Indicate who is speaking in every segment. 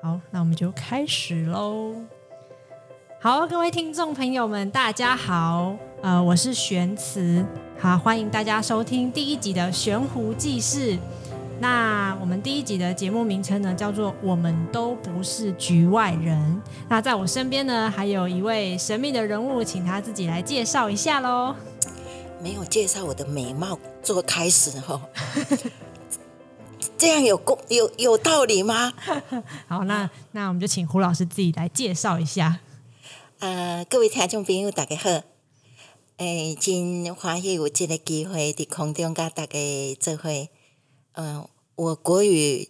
Speaker 1: 好，那我們就開始嘍。好，各位聽眾朋友們，大家好，呃，我是璿慈，好，歡迎大家收聽第一集的《璿胡記事》。那我們第一集的節目名稱呢，叫做《我們都不是局外人》。那在我身邊呢，還有一位神秘的人物，請他自己來介紹一下嘍。沒有介紹我的美貌做個開始、哦 這樣有有有道理嗎？ 好，那那我們就請胡老師自己來介紹一下。
Speaker 2: 呃，各位聽眾朋友，大家好！哎，真歡喜有這個機會在空中甲大家做伙。嗯、呃，我國語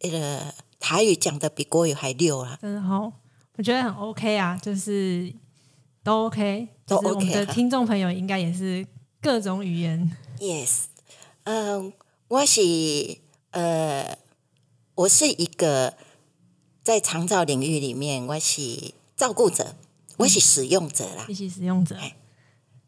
Speaker 2: 那個、呃、台語講得比國語還溜啊！
Speaker 1: 真的好，我覺得很 OK 啊，就是都 OK。都 OK，我們的聽眾朋友應該也是各種語言。
Speaker 2: Yes，嗯，我是。呃，我是一個在長照領域裡面，我是照顧者，我是使用者啦，
Speaker 1: 我、嗯、是使用者，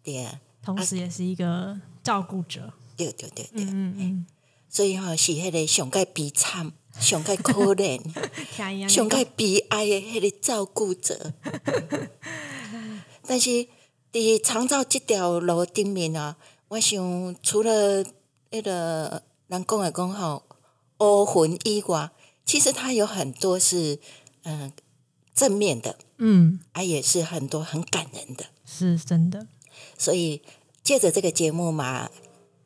Speaker 2: 對，
Speaker 1: 同時也是一個照顧
Speaker 2: 者、啊，對對對對，嗯，嗯，嗯，
Speaker 1: 對，
Speaker 2: 所以話、哦、是迄個上該悲慘，上該可憐，
Speaker 1: 上該
Speaker 2: 悲哀的迄個照顧者， 但是佇長照即條路頂面啊，我想除了迄個人講來講吼。孤魂異寡，其實它有很多是嗯、呃、正面的，
Speaker 1: 嗯，
Speaker 2: 啊，也是很多很感人的，
Speaker 1: 是真的。
Speaker 2: 所以借着這個節目嘛，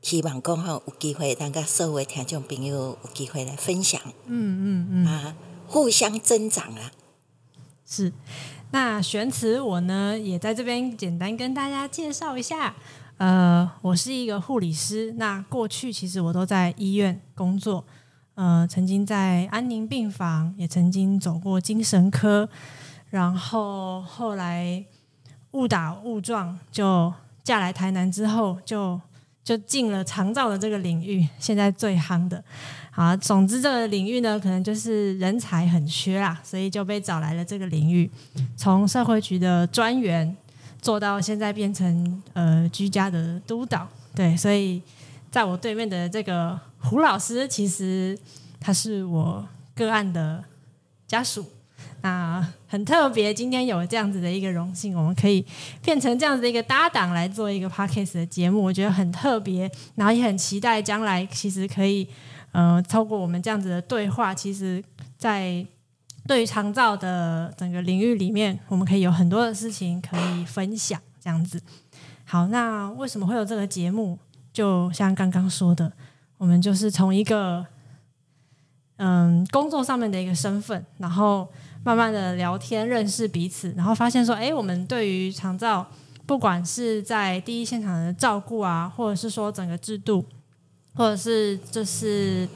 Speaker 2: 希望剛好、嗯、有機會，大家社會聽眾朋友有機會來分享，
Speaker 1: 嗯嗯嗯、啊，互相增長啊。是，那璿慈我呢也在這邊簡單跟大家介紹一下，呃，我是一個護理師，那過去其實我都在醫院工作。呃，曾經在安寧病房，也曾經走過精神科，然後後來誤打誤撞就嫁來台南之後就，就就進了長照的這個領域，現在最夯的。好，總之這個領域呢，可能就是人才很缺啦，所以就被找來了這個領域，從社會局的專員做到現在變成呃居家的督導。對，所以在我對面的這個。胡老師，其實他是我個案的家屬，那很特別。今天有這樣子的一個榮幸，我們可以變成這樣子的一個搭檔來做一個 podcast 的節目，我覺得很特別，然後也很期待將來其實可以，呃，透過我們這樣子的對話。其實，在對長照的整個領域裡面，我們可以有很多的事情可以分享。這樣子，好，那為什麼會有這個節目？就像剛剛說的。我們就是從一個，嗯，工作上面的一個身份，然後慢慢的聊天認識彼此，然後發現說，哎，我們對於長照，不管是在第一現場的照顧啊，或者是說整個制度，或者是就是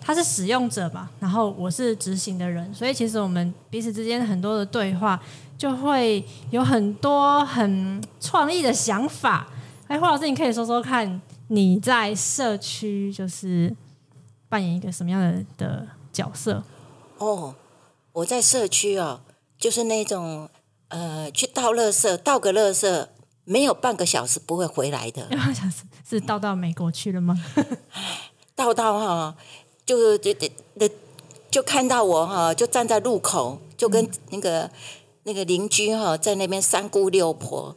Speaker 1: 他是使用者吧，然後我是執行的人，所以其實我們彼此之間很多的對話，就會有很多很創意的想法。哎，胡老師，你可以說說看。你在社區就是扮演一個什麼樣的的角色？
Speaker 2: 哦，oh, 我在社區啊、哦，就是那種呃，去倒垃圾，倒個垃圾，沒有半個小時不會回來的。
Speaker 1: 半個小時是倒到美國去了嗎？
Speaker 2: 倒到哈、哦，就是這就，就看到我哈、哦，就站在路口，就跟那個、嗯、那個鄰居哈、哦，在那邊三姑六婆。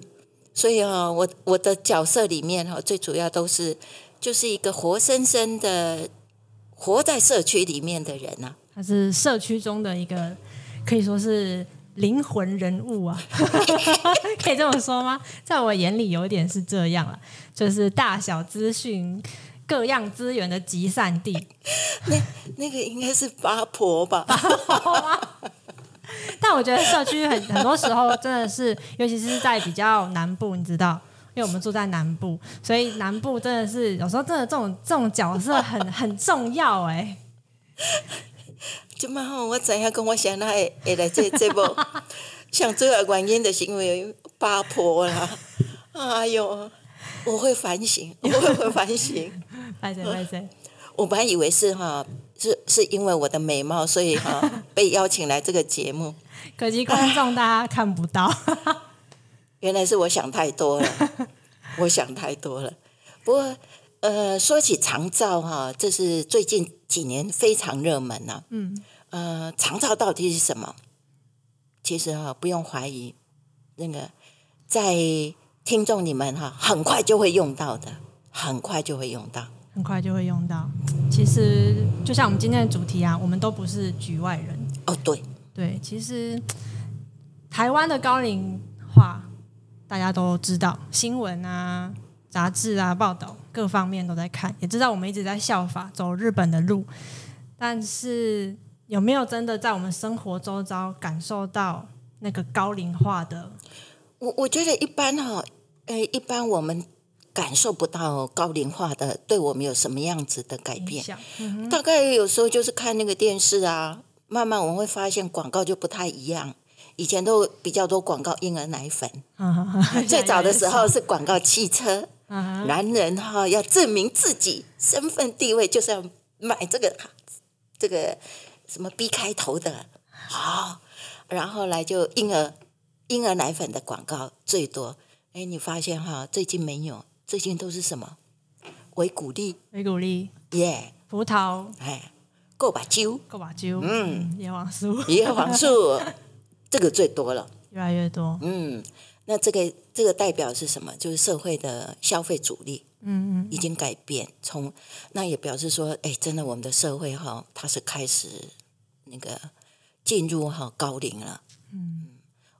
Speaker 2: 所以、哦、我我的角色裡面、哦、最主要都是就是一個活生生的活在社區裡面的人、啊、
Speaker 1: 他是社區中的一個可以說是靈魂人物啊， 可以這麼說嗎？在我眼裡有一點是這樣、啊、就是大小資訊、各樣資源的集散地，
Speaker 2: 那那個應該是八婆吧？ 八婆
Speaker 1: 但我覺得社區很 很多時候真的是，尤其是在比較南部，你知道，因為我們住在南部，所以南部真的是，有時候真的這種這種角色很很重要哎。這麼好，我怎
Speaker 2: 樣跟我想到也來這這部
Speaker 1: 像這個觀念的行
Speaker 2: 為八婆啦，哎呦，我會反省，我會反省，
Speaker 1: 反省，反省。
Speaker 2: 我本來以為是哈。是是因為我的美貌，所以哈、啊、被邀請來這個節目。 可惜觀眾
Speaker 1: 大家看不到，
Speaker 2: 原來是我想太多了， 我想太多了。不過呃，說起長照哈、啊，這是最近幾年非常熱門啊嗯呃，長照到底是什麼？其實哈、啊，不用懷疑，那個在聽眾你們哈，很快就會用到的，很快就會用到。
Speaker 1: 很快就會用到。其實就像我們今天的主題啊，我們都不是局外人哦。Oh, 對對，其實台灣的高齡化大家都知道，新聞啊、雜誌啊、報道各方面都在看，也知道我們一直在效法走日本的路。但是有沒有真的在我們生活周遭感受到那個高齡化的？
Speaker 2: 我我覺得一般哈、哦，誒，一般我們。感受不到高齡化的對我們有什麼樣子的改變？嗯、大概有時候就是看那個電視啊，慢慢我們會發現廣告就不太一樣。以前都比較多廣告嬰兒奶粉，嗯
Speaker 1: 嗯嗯嗯，最早的時候是
Speaker 2: 廣告汽車，嗯、
Speaker 1: 哼男
Speaker 2: 人哈、哦、要證明自己身份地位就是要買這個這個什麼 B 開頭的，好、哦，然後來就嬰兒嬰兒奶粉的廣告最多。哎，你發現哈、哦，最近沒有。最近都是什麼？維骨力，維骨力，耶 Yeah 萄，葡萄，哎，
Speaker 1: 葛白蕉，葛白蕉，嗯，葉黃素。 葉黃素。
Speaker 2: 這個最多了，越來越多。嗯，那這個這個代表是什麼？就是社會的消費主力，嗯，已經改變從。從、嗯嗯、那也表示說，哎、欸，真的，我們的社會哈、哦，它是開始那個進入哈高齡了。嗯，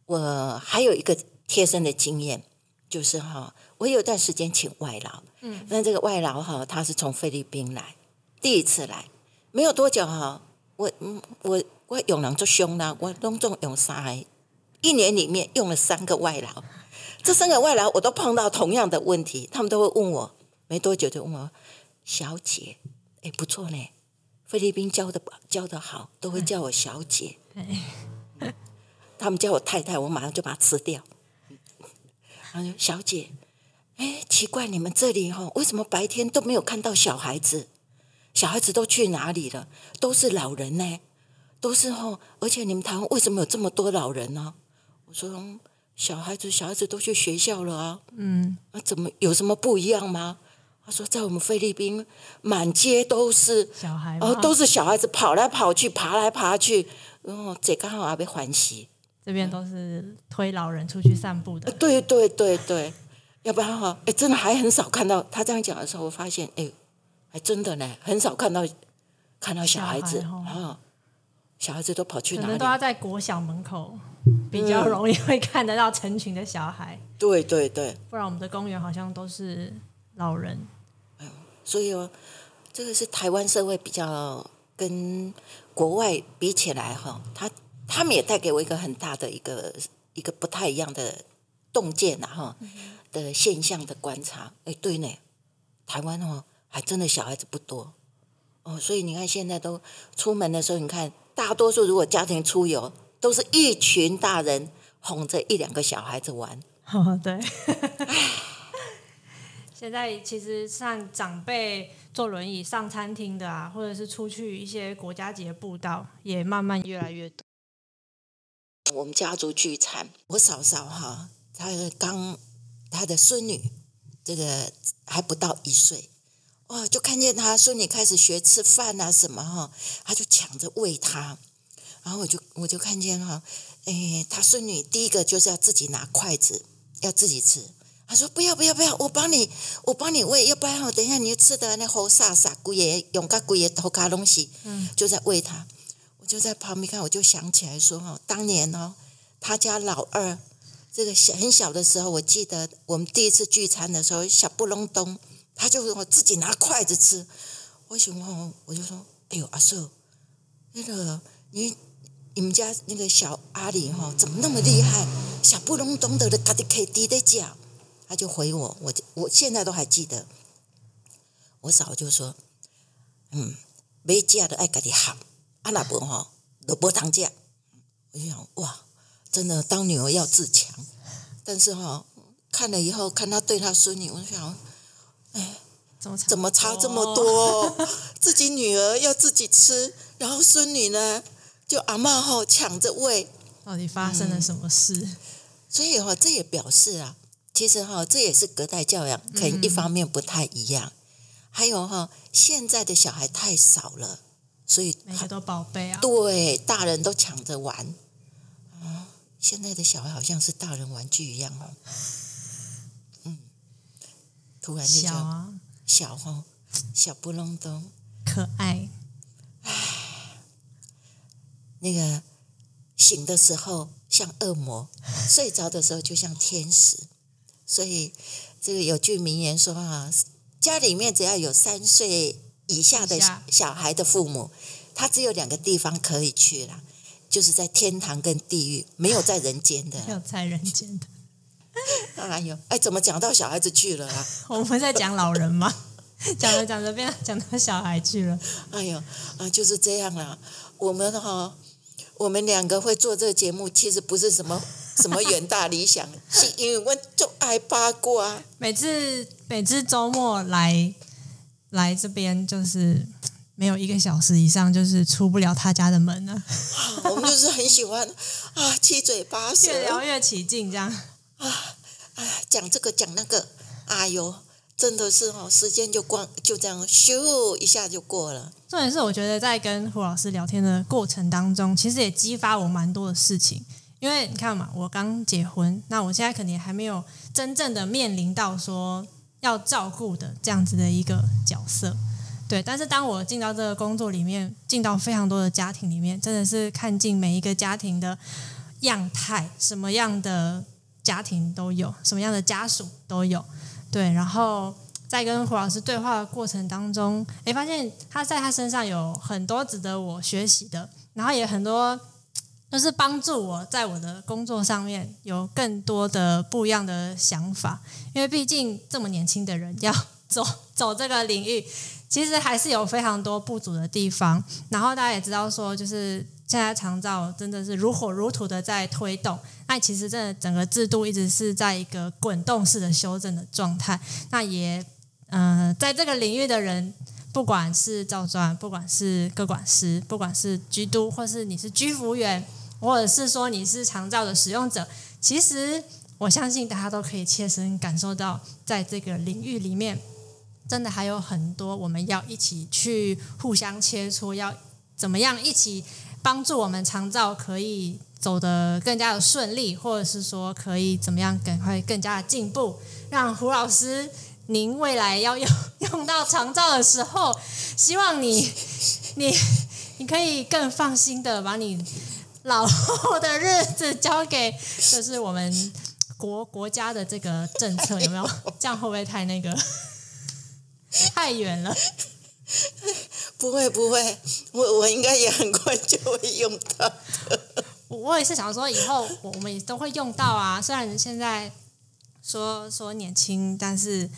Speaker 2: 我還有一個貼身的經驗。就是哈、哦，我有一段時間請外勞，嗯，但這個外勞哈、哦，他是從菲律賓來，第一次來，沒有多久哈、哦，我嗯，我我用人就凶啦，我弄重用三，一年裡面用了三個外勞，這三個外勞我都碰到同樣的問題，他們都會問我，沒多久就問我小姐，哎不錯呢，菲律賓教的教的好，都會叫我小姐，他們叫我太太，我馬上就把它吃掉。小姐，哎、欸，奇怪，你們這裡哈、喔，為什麼白天都沒有看到小孩子？小孩子都去哪裡了？都是老人呢、欸？都是哈、喔？而且你們台灣為什麼有這麼多老人呢、啊？”我說：“小孩子，小孩子都去學校了啊。”嗯，啊、怎麼有什麼不一樣嗎？他說：“在我們菲律賓，滿街都是小
Speaker 1: 孩，哦、啊，都是
Speaker 2: 小孩子跑來跑去，爬來爬去，哦、嗯，這剛好還被歡喜。”
Speaker 1: 這邊都是推老人出去散步
Speaker 2: 的，嗯，對對對對， 要不然哈，真的還很少看到。他這樣講的時候，我發現，哎，還真的呢，很少看到看到小孩子哈，哦，小孩子都跑去哪裡？都要
Speaker 1: 在國小門口
Speaker 2: 比較容易
Speaker 1: 會看得到成群的小孩。嗯，對對對，不然我們的公園好像都是老人。
Speaker 2: 哎呦，所以哦，這個是台灣社會比較跟國外比起來哈，他。他們也帶給我一個很大的一個一個不太一樣的洞見吶哈的現象的觀察。哎，對呢，台灣哦，還真的小孩子不多哦，所以你看現在都出門的時候，你看大多數如果家庭出遊，都是一群大人哄着一兩個小孩子玩。
Speaker 1: 哦，對。 現在其實像長輩坐輪椅上餐廳的啊，或者是出去一些國家級的步道，也慢慢越來越多。
Speaker 2: 我們家族聚餐，我嫂嫂哈，她剛她的孫女，這個還不到一歲，哇，就看見她孫女開始學吃飯啊什麼哈，她就搶着餵她，然後我就我就看見哈，誒，她孫、欸、女第一個就是要自己拿筷子，要自己吃，她說不要不要不要，我幫你我幫你餵，要不然我等一下你就吃的那猴傻傻姑爺用嘎姑爺偷嘎東西，嗯，就在餵她。就在旁邊看，我就想起來說、哦：“當年哦，他家老二這個小很小的時候，我記得我們第一次聚餐的時候，小布隆咚，他就我自己拿筷子吃。我想麼、哦？我就說：哎呦，阿壽，那個你你們家那個小阿里、哦、怎麼那麼厲害？小布隆咚的，他就可以滴的叫，他就回我，我我現在都還記得。我嫂就說：嗯，沒家的愛咖喱好。”他納伯哈都不當家，我就想哇，真的當女兒要自強。但是哈、哦，看了以後看他對他孫女，我就想，哎，怎麼差這麼多、哦？ 自己女兒要自己吃，然後孫女呢，就阿嬤吼、哦，搶着餵。到底發生了什麼事？嗯、所以哈、哦，這也表示啊，其實哈、哦，這也是隔代教養，可能一方面不太一樣。嗯、還有哈、哦，現在的小孩太少了。所以每個都寶貝啊，對，大人都搶着玩。哦，現在的小孩好像是大人玩具，一樣哦。嗯，突然就叫小啊，小哦，小不隆咚，
Speaker 1: 可愛。
Speaker 2: 唉那個醒的時候像惡魔， 睡着的時候就像天使。所以這個有句名言說啊，家裡面只要有三歲。以下的小孩的父母，下他只有兩個地方可以去了，就是在天堂跟地獄，沒有在人間的，沒
Speaker 1: 有在人間的。
Speaker 2: 哎呦、 啊，哎，怎麼講到小孩子去了、
Speaker 1: 啊、我們在講老人嗎？講着講着變講到小孩去了。哎呦，啊，就是這樣啦。我們
Speaker 2: 哈、哦，我們兩個會做這個節目，其實不是什麼什麼遠大理想，
Speaker 1: 是因為我就愛八卦。每次每次週末來。來這邊就是沒有一個小時以上就是出不了他家的門了。我們就是很喜歡 啊，七嘴八舌，越聊越起勁，這樣
Speaker 2: 啊啊，講這個講那個，哎呦，真的是哦，時間就光就這樣咻一下就過了。
Speaker 1: 重點是我覺得在跟胡老師聊天的過程當中，其實也激發我蠻多的事情，因為你看嘛，我剛結婚，那我現在肯定還沒有真正的面臨到說。要照顧的這樣子的一個角色，對。但是當我進到這個工作裡面，進到非常多的家庭裡面，真的是看盡每一個家庭的樣態，什麼樣的家庭都有，什麼樣的家屬都有，對。然後在跟胡老師對話的過程當中，哎、欸，發現他在他身上有很多值得我學習的，然後也很多。就是幫助我在我的工作上面有更多的不一樣的想法，因為畢竟這麼年輕的人要走走這個領域，其實還是有非常多不足的地方。然後大家也知道，說就是現在長照真的是如火如荼的在推動，那其實這整個制度一直是在一個滾動式的修正的狀態。那也，呃，在這個領域的人。不管是照傳，不管是各管師，不管是居督，或是你是居服務員，或者是說你是長照的使用者，其實我相信大家都可以切身感受到，在這個領域裡面，真的還有很多我們要一起去互相切磋，要怎麼樣一起幫助我們長照可以走得更加的順利，或者是說可以怎麼樣趕快、更加的進步。讓胡老師。您未來要用用到長照的時候，希望你你你可以更放心的把你老後的日子交給，就是我們國國家的這個政策，有沒有？這樣會不會太那個太遠了？
Speaker 2: 不會不會，我我應該也很快就會用
Speaker 1: 到。我也是想說，以後我們也都會用到啊。雖然現在說說年輕，但是。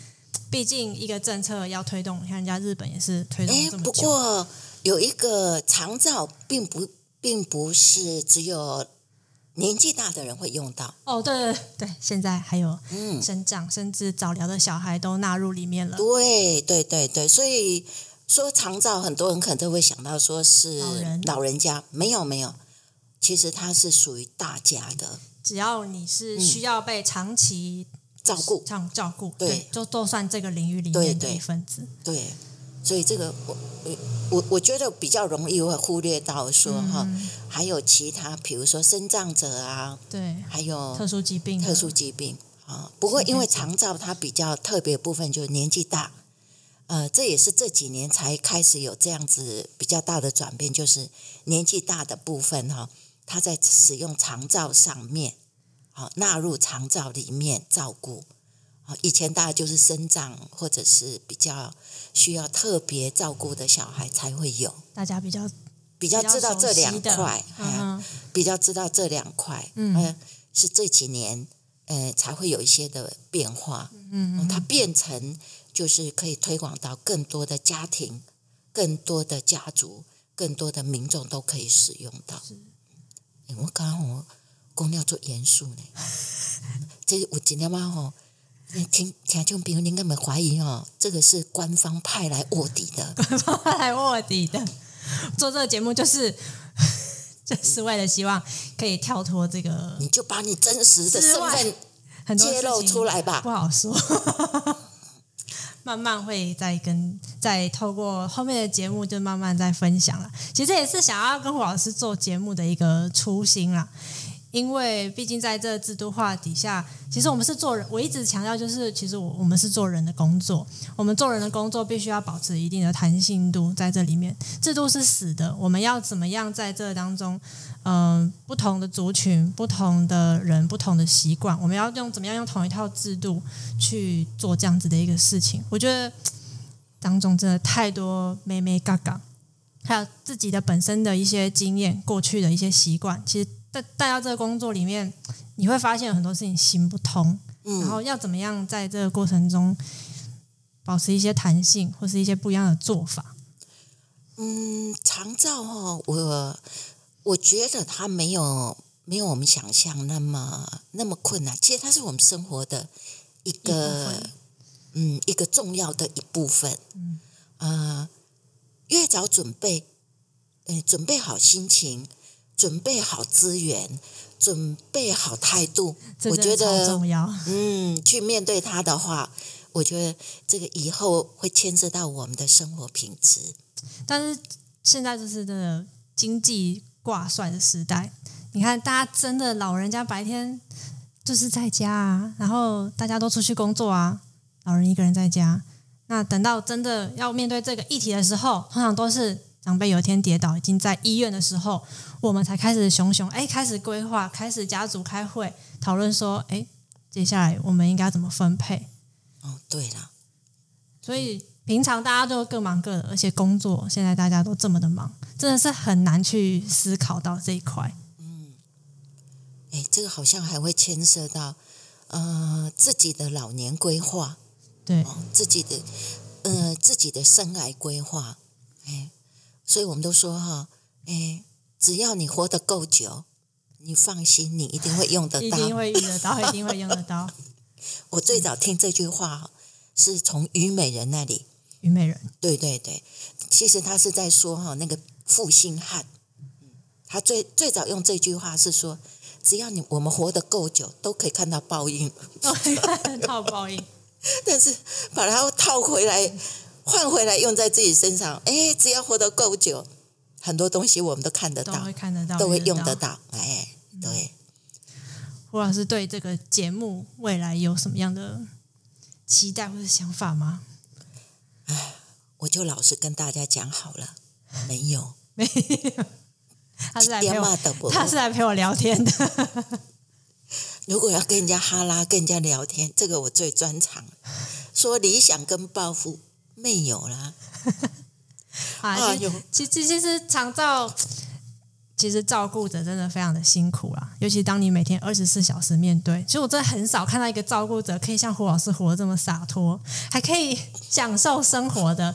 Speaker 1: 畢竟一個政策要推動，看人家日本也是推動、欸、
Speaker 2: 不過有一個長照，並不並不是只有年紀大的人會用到。
Speaker 1: 哦，對對、對現在還有生長、嗯、甚至早療的小孩都納入裡面了。對
Speaker 2: 對對、對所以說長照很多人可能都會想到說是老人家，人沒有沒有，其實它是屬於大家的，
Speaker 1: 只要你是需要被長期照顧，照顧，對，對就都算這個領域裡面的一份子
Speaker 2: 對對。對，所以這個我我我覺得比較容易會忽略到說哈，嗯、還有其他，比如說身障者啊，對，還有特
Speaker 1: 殊疾病，特殊
Speaker 2: 疾病啊。不過因為長照它比較特別的部分就是年紀大，呃，這也是這幾年才開始有這樣子比較大的轉變，就是年紀大的部分哈，他在使用長照上面。納入長照裡面照顧，以前大家就是身障或者是比較需要特別照顧的小孩才會有，
Speaker 1: 大家比較比較知道這兩塊，
Speaker 2: 比較知道這兩塊，是這幾年才會有一些的變化，它變成就是可以推廣到更多的家庭、更多的家族、更多的民眾都可以使用到。我剛剛我。公調做嚴肅呢，這有幾條嘛吼？你聽聽眾朋友應該不會懷疑哦，這個是官方派來臥底的，官
Speaker 1: 方派來臥底的，做這個節目就是，就是為了希望可以跳脫這個，你就
Speaker 2: 把你真實的身份揭露出來
Speaker 1: 吧，不好說呵呵。慢慢會再跟，再透過後面的節目就慢慢再分享了。其實也是想要跟胡老師做節目的一個初心了因為畢竟在這制度化底下，其實我們是做人。我一直強調，就是其實我我們是做人的工作。我們做人的工作，必須要保持一定的彈性度在這裡面。制度是死的，我們要怎麼樣在這當中，嗯、呃，不同的族群、不同的人、不同的習慣，我們要用怎麼樣用同一套制度去做這樣子的一個事情？我覺得當中真的太多“妹妹嘎嘎”，還有自己的本身的一些經驗、過去的一些習慣，其實。帶到這個工作裡面，你會發現有很多事情行不通，嗯、然後要怎麼樣在這個過程中保持一些彈性，或是一些不一樣的做法。
Speaker 2: 嗯，長照哦，我我覺得它沒有沒有我們想象那麼那麼困難。其實它是我們生活的一個一嗯一個重要的一部分。嗯，呃，越早準備，準備好心情。準備好資源，準備好態度，我覺得很重要。嗯，去面對他的話，我覺得這個以後會牽涉到我們的生活品質。
Speaker 1: 但是現在就是這個經濟掛帥的時代，你看，大家真的老人家白天就是在家啊，然後大家都出去工作啊，老人一個人在家。那等到真的要面對這個議題的時候，通常都是。長輩有一天跌倒，已經在醫院的時候，我們才開始熊熊。哎，開始規劃，開始家族開會討論說，哎，接下來我們應該怎麼分配？
Speaker 2: 哦，對了，
Speaker 1: 所以平常大家都各忙各的，而且工作現在大家都這麼的忙，真的是很難去思考到這一塊。
Speaker 2: 嗯，哎，這個好像還會牽涉到呃自己的老年規劃，對、哦，自己的呃自己的生涯規劃，哎。所以我們都說哈，哎，只要你活得夠久，你放心，你一定會用得到，一定會遇得到，一定會用
Speaker 1: 得
Speaker 2: 到。 我最早聽這句話是從於美人那裡於
Speaker 1: 美人那裡，於美人
Speaker 2: 對對對，其實他是在說哈，那個負心漢，他最最早用這句話是說，只要你我們活得夠久，都可以看到報應，
Speaker 1: 套報應，
Speaker 2: 但是把它套回來。嗯換回來用在自己身上，哎、欸，只要活得夠久，很多東西我們都看得到，都
Speaker 1: 會看得到，都會用得到。哎、嗯，對。胡老師對這個節目未來有什麼樣的期待或者想法嗎？
Speaker 2: 哎，我就老實跟大家講好了，沒有，
Speaker 1: 沒有。他是來陪我，他是來
Speaker 2: 陪我聊天的。 如果要跟人家哈拉，跟人家聊天，這個我最專長。說理想跟抱負。沒有啦 啊！有
Speaker 1: 其其實，其實長照，其實照顧者真的非常的辛苦啊。尤其當你每天二十四小時面對，其實我真的很少看到一個照顧者可以像胡老師活得這麼灑脫，還可以享受生活的。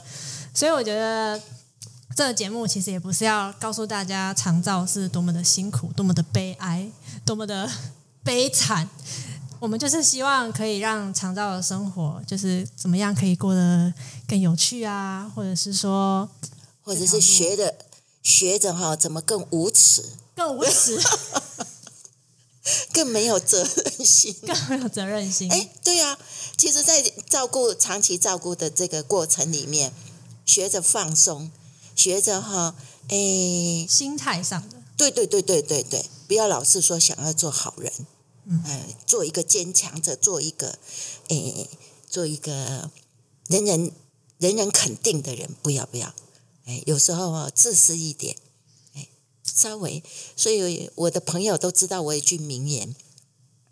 Speaker 1: 所以我覺得這個節目其實也不是要告訴大家長照是多麼的辛苦，多麼的悲哀，多麼的悲慘。我們就是希望可以讓長照的生活，就是怎麼樣可以過得更有趣啊，或者是說，
Speaker 2: 或者是學着學着哈，怎麼更無恥，更無恥， 更沒有責任心，更沒有責任心。哎，對啊，其實，在照顧長期照顧的這個過程裡面，學着放鬆，學着哈，哎，心態上的，對對對對對對，不要老是說想要做好人。嗯，做一個堅強者，做一個哎、欸，做一個人人人人肯定的人，不要不要哎、欸。有時候、哦、自私一點哎、欸，稍微。所以我的朋友都知道我有一句名言，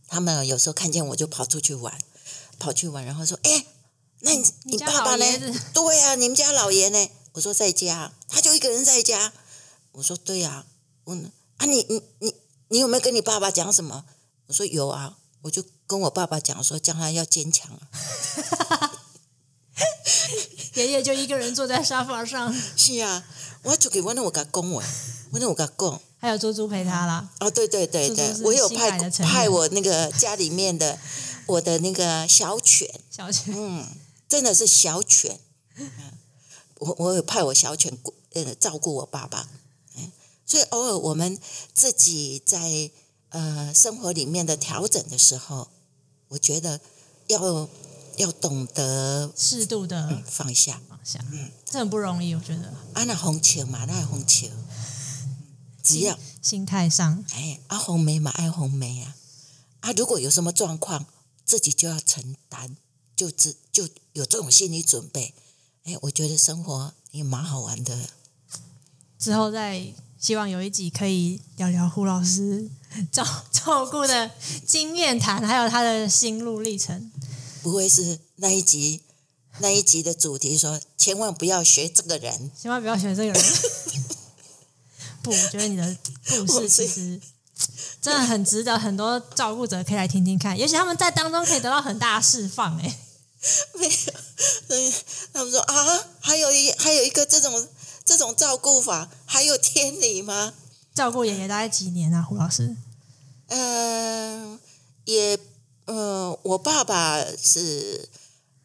Speaker 2: 他們有時候看見我就跑出去玩，跑去玩，然後說：“哎、欸，那你你，你爸爸呢？”是對呀、啊，你們家老爺呢？我說在家，他就一個人在家。我說對呀，問啊，我問啊你你你，你有沒有跟你爸爸講什麼？我說有啊，我就跟我爸爸講說，將來要堅強、啊。爺 爺 就一個人坐在沙發上。 是啊，我就給溫頓我個公文，溫頓我個公。還
Speaker 1: 有豬豬陪他啦。
Speaker 2: 哦，對對對對，豬豬我有派派我那個家裡面的我的那個小犬，小犬，嗯，真的是小犬。我我有派我小犬過，呃，照顧我爸爸。嗯，所以偶爾我們自己在。呃，生活裡面的調整的時候，我覺得要要懂得適度的放下，嗯、放下，放下嗯、
Speaker 1: 這很不容易，我覺得。
Speaker 2: 啊，那紅球嘛，那紅球，嗯、
Speaker 1: 只要
Speaker 2: 心，心態上，哎，啊，紅梅嘛，愛紅梅呀、啊，啊，如果有什麼狀況，自己就要承擔，就自就有這種心理準備。
Speaker 1: 哎，我覺得生活也蠻好玩的，之後再。希望有一集可以聊聊胡老師照照顧的經驗談，還有他的心路歷程。
Speaker 2: 不會是那一集，那一集的主題說，千萬不要學這個人，
Speaker 1: 千萬不要學這個人。 不，我覺得你的故事其實真的很值得很多照顧者可以來聽聽看，也許他們在當中可以得到很大的釋放、欸。沒有，所以，他們說啊，
Speaker 2: 還有一還有一個這種。這種照顧法還有天理嗎？照顧
Speaker 1: 爺爺大概幾年啊，胡老師？
Speaker 2: 嗯，也，呃，我爸爸是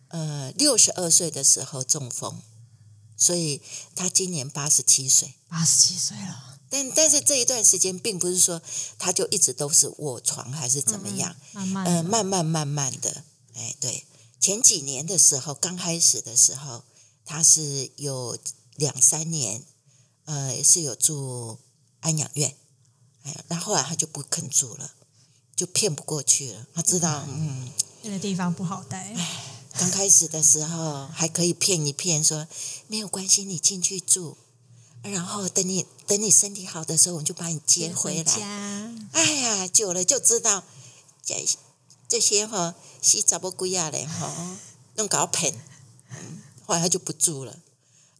Speaker 2: 呃六十二歲的時候中風，所以他今年八十七歲，八十七歲了。但但是這一段時間，並不是說他就一直都是臥床還是怎麼樣，嗯、慢慢，嗯、呃，慢慢慢慢的，哎，對，前幾年的時候，剛開始的時候，他是有。兩三年，呃，也是有住安養院，哎，然後，後來他就不肯住了，就騙不過去了。他知道，嗯，那、
Speaker 1: 嗯、個地方不好待。
Speaker 2: 剛開始的時候還可以騙一騙說，說 沒有關係，你進去住，然後等你等你身體好的時候，我們就把你接回來。回家哎呀，久了就知道這這些哈是咋不歸呀嘞，哈，弄搞騙， 嗯，後來他就不住了。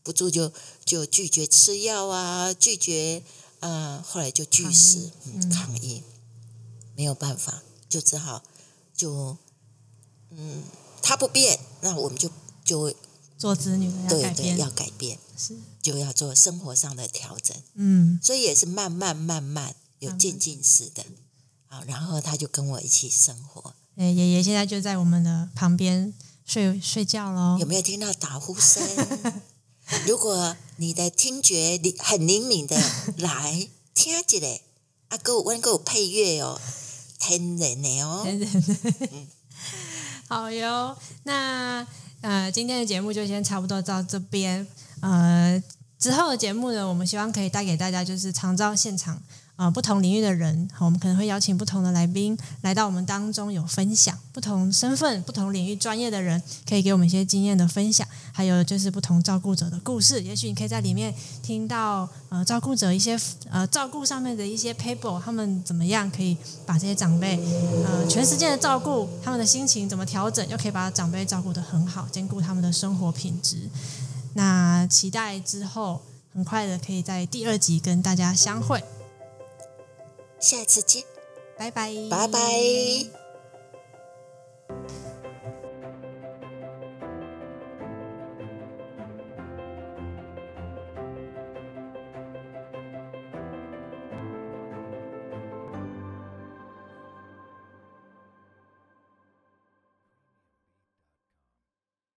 Speaker 2: 不住就就拒絕吃藥啊，拒絕啊、呃。後來就拒食抗議、嗯，沒有辦法，就只好就嗯，他不變，那我們就就做子女對要改變，要改變
Speaker 1: 是，
Speaker 2: 就要做生活上的調整，嗯，所以也是慢慢慢慢有漸進式的啊、嗯。好，然後他就跟我一起生活，
Speaker 1: 爺爺現在就在我們的旁邊睡睡覺了，有沒有
Speaker 2: 聽到打呼聲？ 如果你的聽覺很靈敏的來聽一下，阿哥我問哥有配樂哦，天然的哦，天然的，嗯、
Speaker 1: 好喲。那呃，今天的節目就先差不多到這邊。呃，之後的節目呢，我們希望可以帶給大家就是長照現場。啊、呃，不同領域的人好，我們可能會邀請不同的來賓來到我們當中，有分享不同身份、不同領域專業的人，可以給我們一些經驗的分享。還有就是不同照顧者的故事，也許你可以在裡面聽到呃照顧者一些呃照顧上面的一些撇步，他們怎麼樣可以把這些長輩呃全世界的照顧，他們的心情怎麼調整，又可以把長輩照顧得很好，兼顧他們的生活品質。那期待之後很快的可以在第二集跟大家相會。
Speaker 2: 下次見，拜拜，拜拜。